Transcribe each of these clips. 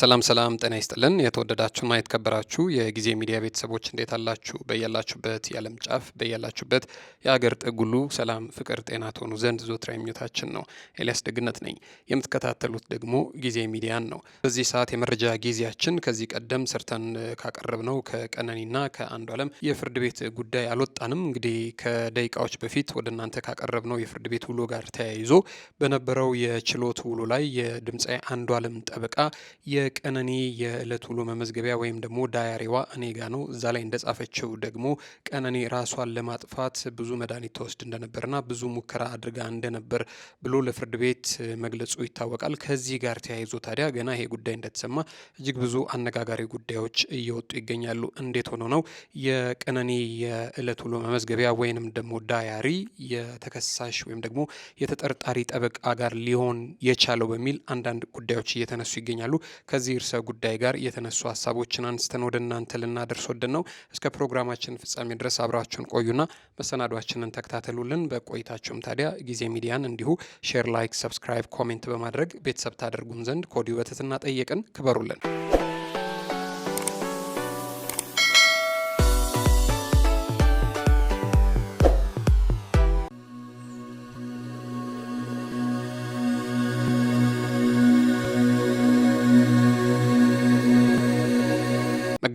ሰላም ሰላም፣ ጤና ይስጥልን የተወደዳችሁና የተከበራችሁ የጊዜ ሚዲያ ቤተሰቦች እንዴት አላችሁ? በያላችሁበት የዓለም ጫፍ በያላችሁበት የአገር ጥግ ሁሉ ሰላም፣ ፍቅር፣ ጤና ትሆኑ ዘንድ ዞትራ ምኞታችን ነው። ኤልያስ ደግነት ነኝ። የምትከታተሉት ደግሞ ጊዜ ሚዲያን ነው። በዚህ ሰዓት የመረጃ ጊዜያችን ከዚህ ቀደም ሰርተን ካቀረብነው ከቀነኒና አለም የፍርድ ቤት ጉዳይ አልወጣንም። እንግዲህ ከደቂቃዎች በፊት ወደ እናንተ ካቀረብነው የፍርድ ቤት ውሎ ጋር ተያይዞ በነበረው የችሎት ውሎ ላይ የድምፃዊ አንዱዓለም ጠበቃ የቀነኒ የዕለት ውሎ መመዝገቢያ ወይም ደግሞ ዳያሪዋ እኔ ጋ ነው። እዛ ላይ እንደጻፈችው ደግሞ ቀነኒ ራሷን ለማጥፋት ብዙ መድኃኒት ተወስድ እንደነበርና ብዙ ሙከራ አድርጋ እንደነበር ብሎ ለፍርድ ቤት መግለጹ ይታወቃል። ከዚህ ጋር ተያይዞ ታዲያ ገና ይሄ ጉዳይ እንደተሰማ እጅግ ብዙ አነጋጋሪ ጉዳዮች እየወጡ ይገኛሉ። እንዴት ሆኖ ነው የቀነኒ የዕለት ውሎ መመዝገቢያ ወይንም ደግሞ ዳያሪ የተከሳሽ ወይም ደግሞ የተጠርጣሪ ጠበቃ ጋር ሊሆን የቻለው በሚል አንዳንድ ጉዳዮች እየተነሱ ይገኛሉ። ከዚህ እርሰ ጉዳይ ጋር የተነሱ ሀሳቦችን አንስተን ወደ እናንተ ልናደርስ ወደን ነው። እስከ ፕሮግራማችን ፍጻሜ ድረስ አብራችሁን ቆዩና መሰናዷችንን ተከታተሉልን። በቆይታችሁም ታዲያ ጊዜ ሚዲያን እንዲሁ ሼር፣ ላይክ፣ ሰብስክራይብ፣ ኮሜንት በማድረግ ቤተሰብ ታደርጉን ዘንድ ኮዲው በትህትና ጠየቅን። ክበሩልን።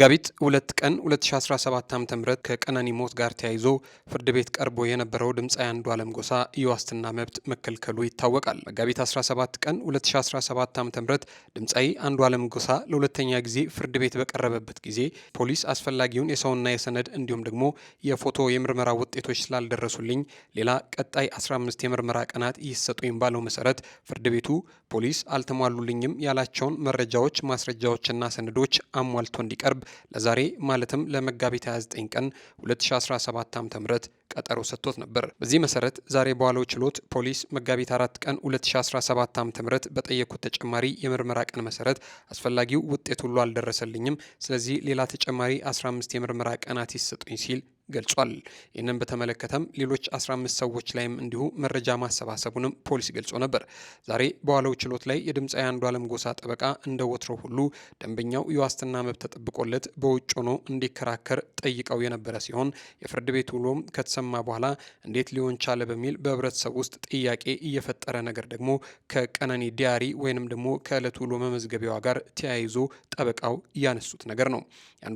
መጋቢት ሁለት ቀን 2017 ዓ.ም ከቀነኒ ሞት ጋር ተያይዞ ፍርድ ቤት ቀርቦ የነበረው ድምፃዊ አንዱዓለም ጎሳ የዋስትና መብት መከልከሉ ይታወቃል። መጋቢት 17 ቀን 2017 ዓ.ም ድምፃዊ አንዱዓለም ጎሳ ለሁለተኛ ጊዜ ፍርድ ቤት በቀረበበት ጊዜ ፖሊስ አስፈላጊውን የሰውና የሰነድ እንዲሁም ደግሞ የፎቶ የምርመራ ውጤቶች ስላልደረሱልኝ ሌላ ቀጣይ 15 የምርመራ ቀናት ይሰጡኝ ባለው መሰረት ፍርድ ቤቱ ፖሊስ አልተሟሉልኝም ያላቸውን መረጃዎች፣ ማስረጃዎችና ሰነዶች አሟልቶ እንዲቀርብ ለዛሬ ማለትም ለመጋቢት 29 ቀን 2017 ዓ.ም ቀጠሮ ሰጥቶት ነበር። በዚህ መሰረት ዛሬ በዋለው ችሎት ፖሊስ መጋቢት 4 ቀን 2017 ዓ.ም በጠየቁት ተጨማሪ የምርመራ ቀን መሰረት አስፈላጊው ውጤት ሁሉ አልደረሰልኝም፣ ስለዚህ ሌላ ተጨማሪ 15 የምርመራ ቀናት ይሰጡኝ ሲል ገልጿል። ይህንን በተመለከተም ሌሎች 15 ሰዎች ላይም እንዲሁ መረጃ ማሰባሰቡንም ፖሊስ ገልጾ ነበር። ዛሬ በዋለው ችሎት ላይ የድምፃዊ አለም ጎሳ ጠበቃ እንደ ወትሮ ሁሉ ደንበኛው የዋስትና መብት ተጠብቆለት በውጭ ሆኖ እንዲከራከር ጠይቀው የነበረ ሲሆን የፍርድ ቤት ውሎም ከተሰማ በኋላ እንዴት ሊሆን ቻለ በሚል በህብረተሰብ ውስጥ ጥያቄ እየፈጠረ ነገር ደግሞ ከቀነኒ ዲያሪ ወይንም ደግሞ ከእለት ውሎ መመዝገቢያዋ ጋር ተያይዞ ጠበቃው ያነሱት ነገር ነው።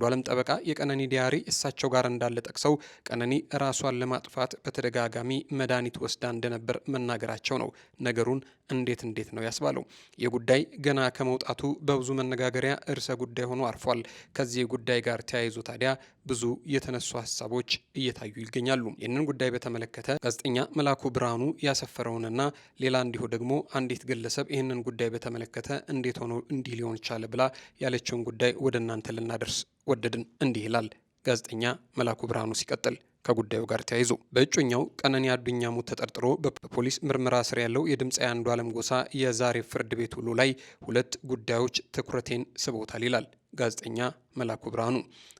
አለም ጠበቃ የቀነኒ ዲያሪ እሳቸው ጋር እንዳለ ጠቅሰው አስታውሰው ቀነኒ ራሷን ለማጥፋት በተደጋጋሚ መድኃኒት ወስዳ እንደነበር መናገራቸው ነው ነገሩን እንዴት እንዴት ነው ያስባለው። ይህ ጉዳይ ገና ከመውጣቱ በብዙ መነጋገሪያ እርሰ ጉዳይ ሆኖ አርፏል። ከዚህ ጉዳይ ጋር ተያይዞ ታዲያ ብዙ የተነሱ ሀሳቦች እየታዩ ይገኛሉ። ይህንን ጉዳይ በተመለከተ ጋዜጠኛ መላኩ ብርሃኑ ያሰፈረውንና ሌላ እንዲሁ ደግሞ አንዲት ግለሰብ ይህንን ጉዳይ በተመለከተ እንዴት ሆኖ እንዲህ ሊሆን ቻለ ብላ ያለችውን ጉዳይ ወደ እናንተ ልናደርስ ወደድን። እንዲህ ይላል ጋዜጠኛ መላኩ ብርሃኑ ሲቀጥል ከጉዳዩ ጋር ተያይዞ በእጩኛው ቀነኒ አዱኛ ሞት ተጠርጥሮ በፖሊስ ምርመራ ስር ያለው የድምፃዊ አለም ጎሳ የዛሬ ፍርድ ቤት ውሎ ላይ ሁለት ጉዳዮች ትኩረቴን ስቦታል ይላል ጋዜጠኛ መላኩ ብርሃኑ።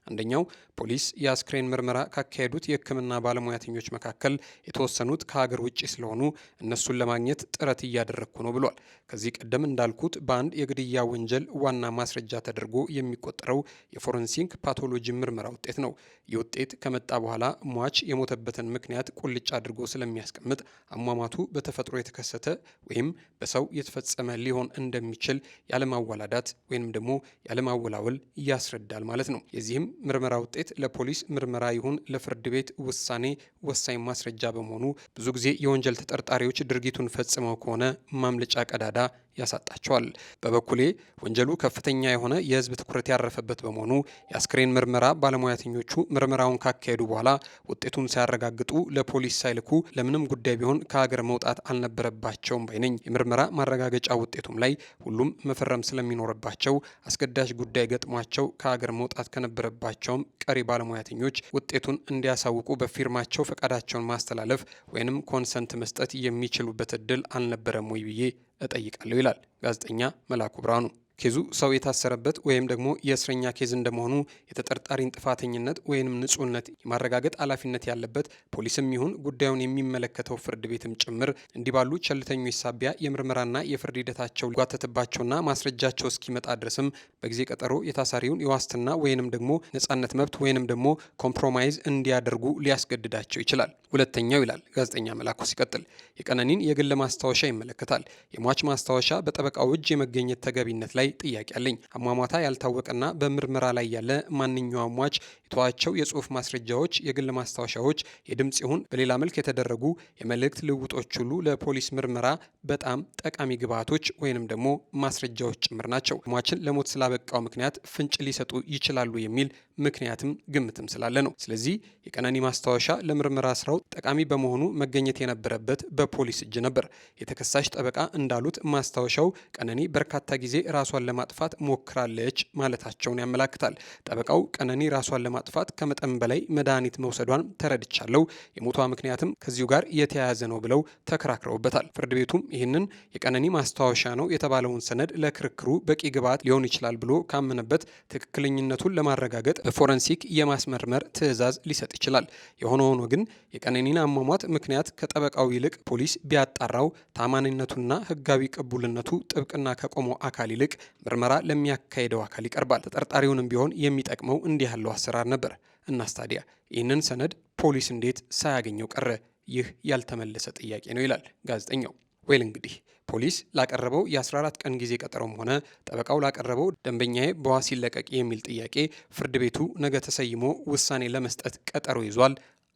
አንደኛው ፖሊስ የአስክሬን ምርመራ ካካሄዱት የሕክምና ባለሙያተኞች መካከል የተወሰኑት ከሀገር ውጭ ስለሆኑ እነሱን ለማግኘት ጥረት እያደረግኩ ነው ብሏል። ከዚህ ቀደም እንዳልኩት በአንድ የግድያ ወንጀል ዋና ማስረጃ ተደርጎ የሚቆጠረው የፎረንሲንግ ፓቶሎጂ ምርመራ ውጤት ነው። ይህ ውጤት ከመጣ በኋላ ሟች የሞተበትን ምክንያት ቁልጭ አድርጎ ስለሚያስቀምጥ አሟሟቱ በተፈጥሮ የተከሰተ ወይም በሰው የተፈጸመ ሊሆን እንደሚችል ያለማዋላዳት ወይም ደግሞ ያለማወላ እንደሚያውል ያስረዳል ማለት ነው። የዚህም ምርመራ ውጤት ለፖሊስ ምርመራ ይሁን ለፍርድ ቤት ውሳኔ ወሳኝ ማስረጃ በመሆኑ ብዙ ጊዜ የወንጀል ተጠርጣሪዎች ድርጊቱን ፈጽመው ከሆነ ማምለጫ ቀዳዳ ያሳጣቸዋል። በበኩሌ ወንጀሉ ከፍተኛ የሆነ የህዝብ ትኩረት ያረፈበት በመሆኑ የአስክሬን ምርመራ ባለሙያተኞቹ ምርመራውን ካካሄዱ በኋላ ውጤቱን ሳያረጋግጡ ለፖሊስ ሳይልኩ ለምንም ጉዳይ ቢሆን ከሀገር መውጣት አልነበረባቸውም ባይነኝ። የምርመራ ማረጋገጫ ውጤቱም ላይ ሁሉም መፈረም ስለሚኖርባቸው አስገዳጅ ጉዳይ ገጥሟቸው ከሀገር መውጣት ከነበረባቸውም ቀሪ ባለሙያተኞች ውጤቱን እንዲያሳውቁ በፊርማቸው ፈቃዳቸውን ማስተላለፍ ወይንም ኮንሰንት መስጠት የሚችሉበት እድል አልነበረም ወይ ብዬ እጠይቃለሁ ይላል ጋዜጠኛ መላኩ ብርሃኑ። ኬዙ ሰው የታሰረበት ወይም ደግሞ የእስረኛ ኬዝ እንደመሆኑ የተጠርጣሪን ጥፋተኝነት ወይንም ንጹህነት የማረጋገጥ ኃላፊነት ያለበት ፖሊስም ይሁን ጉዳዩን የሚመለከተው ፍርድ ቤትም ጭምር እንዲህ ባሉ ቸልተኞች ሳቢያ የምርመራና የፍርድ ሂደታቸው ሊጓተትባቸውና ማስረጃቸው እስኪመጣ ድረስም በጊዜ ቀጠሮ የታሳሪውን የዋስትና ወይንም ደግሞ ነጻነት መብት ወይንም ደግሞ ኮምፕሮማይዝ እንዲያደርጉ ሊያስገድዳቸው ይችላል። ሁለተኛው ይላል ጋዜጠኛ መላኩ ሲቀጥል የቀነኒን የግል ማስታወሻ ይመለከታል። የሟች ማስታወሻ በጠበቃው እጅ የመገኘት ተገቢነት ላይ ላይ ጥያቄ አለኝ። አሟሟታ ያልታወቀና በምርመራ ላይ ያለ ማንኛው አሟች የተዋቸው የጽሁፍ ማስረጃዎች፣ የግል ማስታወሻዎች፣ የድምፅ ይሁን በሌላ መልክ የተደረጉ የመልእክት ልውጦች ሁሉ ለፖሊስ ምርመራ በጣም ጠቃሚ ግብዓቶች ወይንም ደግሞ ማስረጃዎች ጭምር ናቸው። ሟችን ለሞት ስላበቃው ምክንያት ፍንጭ ሊሰጡ ይችላሉ የሚል ምክንያትም ግምትም ስላለ ነው። ስለዚህ የቀነኒ ማስታወሻ ለምርመራ ስራው ጠቃሚ በመሆኑ መገኘት የነበረበት በፖሊስ እጅ ነበር። የተከሳሽ ጠበቃ እንዳሉት ማስታወሻው ቀነኒ በርካታ ጊዜ ራሷ ራሷን ለማጥፋት ሞክራለች ማለታቸውን ያመላክታል። ጠበቃው ቀነኒ ራሷን ለማጥፋት ከመጠን በላይ መድኃኒት መውሰዷን ተረድቻለሁ፣ የሞቷ ምክንያትም ከዚሁ ጋር የተያያዘ ነው ብለው ተከራክረውበታል። ፍርድ ቤቱም ይህንን የቀነኒ ማስታወሻ ነው የተባለውን ሰነድ ለክርክሩ በቂ ግብዓት ሊሆን ይችላል ብሎ ካመነበት ትክክለኝነቱን ለማረጋገጥ በፎረንሲክ የማስመርመር ትዕዛዝ ሊሰጥ ይችላል። የሆነ ሆኖ ግን የቀነኒን አሟሟት ምክንያት ከጠበቃው ይልቅ ፖሊስ ቢያጣራው ታማኝነቱና ሕጋዊ ቅቡልነቱ ጥብቅና ከቆመው አካል ይልቅ ምርመራ ለሚያካሄደው አካል ይቀርባል። ተጠርጣሪውንም ቢሆን የሚጠቅመው እንዲህ ያለው አሰራር ነበር። እናስ ታዲያ ይህንን ሰነድ ፖሊስ እንዴት ሳያገኘው ቀረ? ይህ ያልተመለሰ ጥያቄ ነው ይላል ጋዜጠኛው። ወይል እንግዲህ ፖሊስ ላቀረበው የ14 ቀን ጊዜ ቀጠሮም ሆነ ጠበቃው ላቀረበው ደንበኛዬ በዋስ ይለቀቅ የሚል ጥያቄ ፍርድ ቤቱ ነገ ተሰይሞ ውሳኔ ለመስጠት ቀጠሮ ይዟል፣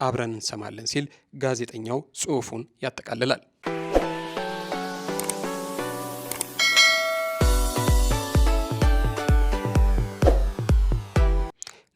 አብረን እንሰማለን ሲል ጋዜጠኛው ጽሑፉን ያጠቃልላል።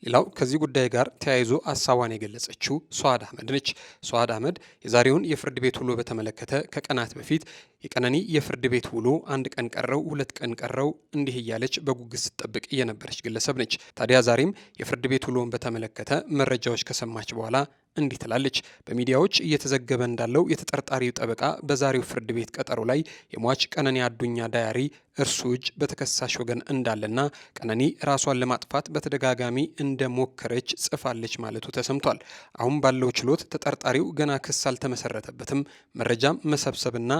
ሌላው ከዚህ ጉዳይ ጋር ተያይዞ ሀሳቧን የገለጸችው ሰዋድ አህመድ ነች። ሰዋድ አህመድ የዛሬውን የፍርድ ቤት ውሎ በተመለከተ ከቀናት በፊት የቀነኒ የፍርድ ቤት ውሎ አንድ ቀን ቀረው፣ ሁለት ቀን ቀረው እንዲህ እያለች በጉግስ ስትጠብቅ የነበረች ግለሰብ ነች። ታዲያ ዛሬም የፍርድ ቤት ውሎን በተመለከተ መረጃዎች ከሰማች በኋላ እንዲህ ትላለች። በሚዲያዎች እየተዘገበ እንዳለው የተጠርጣሪው ጠበቃ በዛሬው ፍርድ ቤት ቀጠሮ ላይ የሟች ቀነኒ አዱኛ ዳያሪ እርሱ እጅ በተከሳሽ ወገን እንዳለና ቀነኒ ራሷን ለማጥፋት በተደጋጋሚ እንደሞከረች ጽፋለች ማለቱ ተሰምቷል። አሁን ባለው ችሎት ተጠርጣሪው ገና ክስ አልተመሰረተበትም፣ መረጃም መሰብሰብና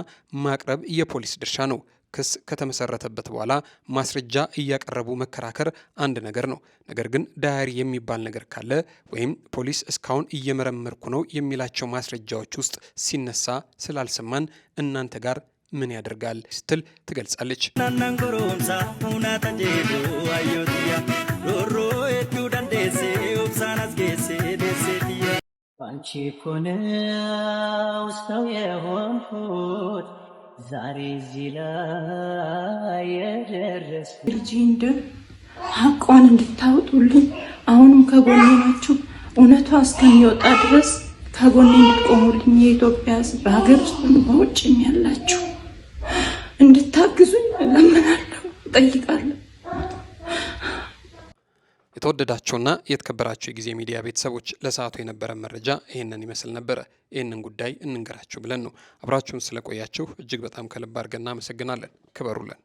ማ ማቅረብ የፖሊስ ድርሻ ነው። ክስ ከተመሰረተበት በኋላ ማስረጃ እያቀረቡ መከራከር አንድ ነገር ነው። ነገር ግን ዳያሪ የሚባል ነገር ካለ ወይም ፖሊስ እስካሁን እየመረመርኩ ነው የሚላቸው ማስረጃዎች ውስጥ ሲነሳ ስላልሰማን እናንተ ጋር ምን ያደርጋል ስትል ትገልጻለች። ኮነው ሰው የሆንኩት ዛሬ እዚህ ላይ የደረስ ልጅ እንድን ሀቋን እንድታወጡልኝ አሁንም ከጎኔ ናችሁ። እውነቷ እስከሚወጣ ድረስ ከጎኔ እንድትቆሙልኝ የኢትዮጵያ ሕዝብ በሀገር ውስጥ በውጭም ያላችሁ እንድታግዙኝ እለምናለሁ፣ እጠይቃለሁ። የተወደዳቸውና የተከበራቸው የጊዜ ሚዲያ ቤተሰቦች ለሰዓቱ የነበረ መረጃ ይህንን ይመስል ነበረ። ይህንን ጉዳይ እንንገራችሁ ብለን ነው። አብራችሁን ስለቆያችሁ እጅግ በጣም ከልብ አድርገን እናመሰግናለን። ክበሩልን።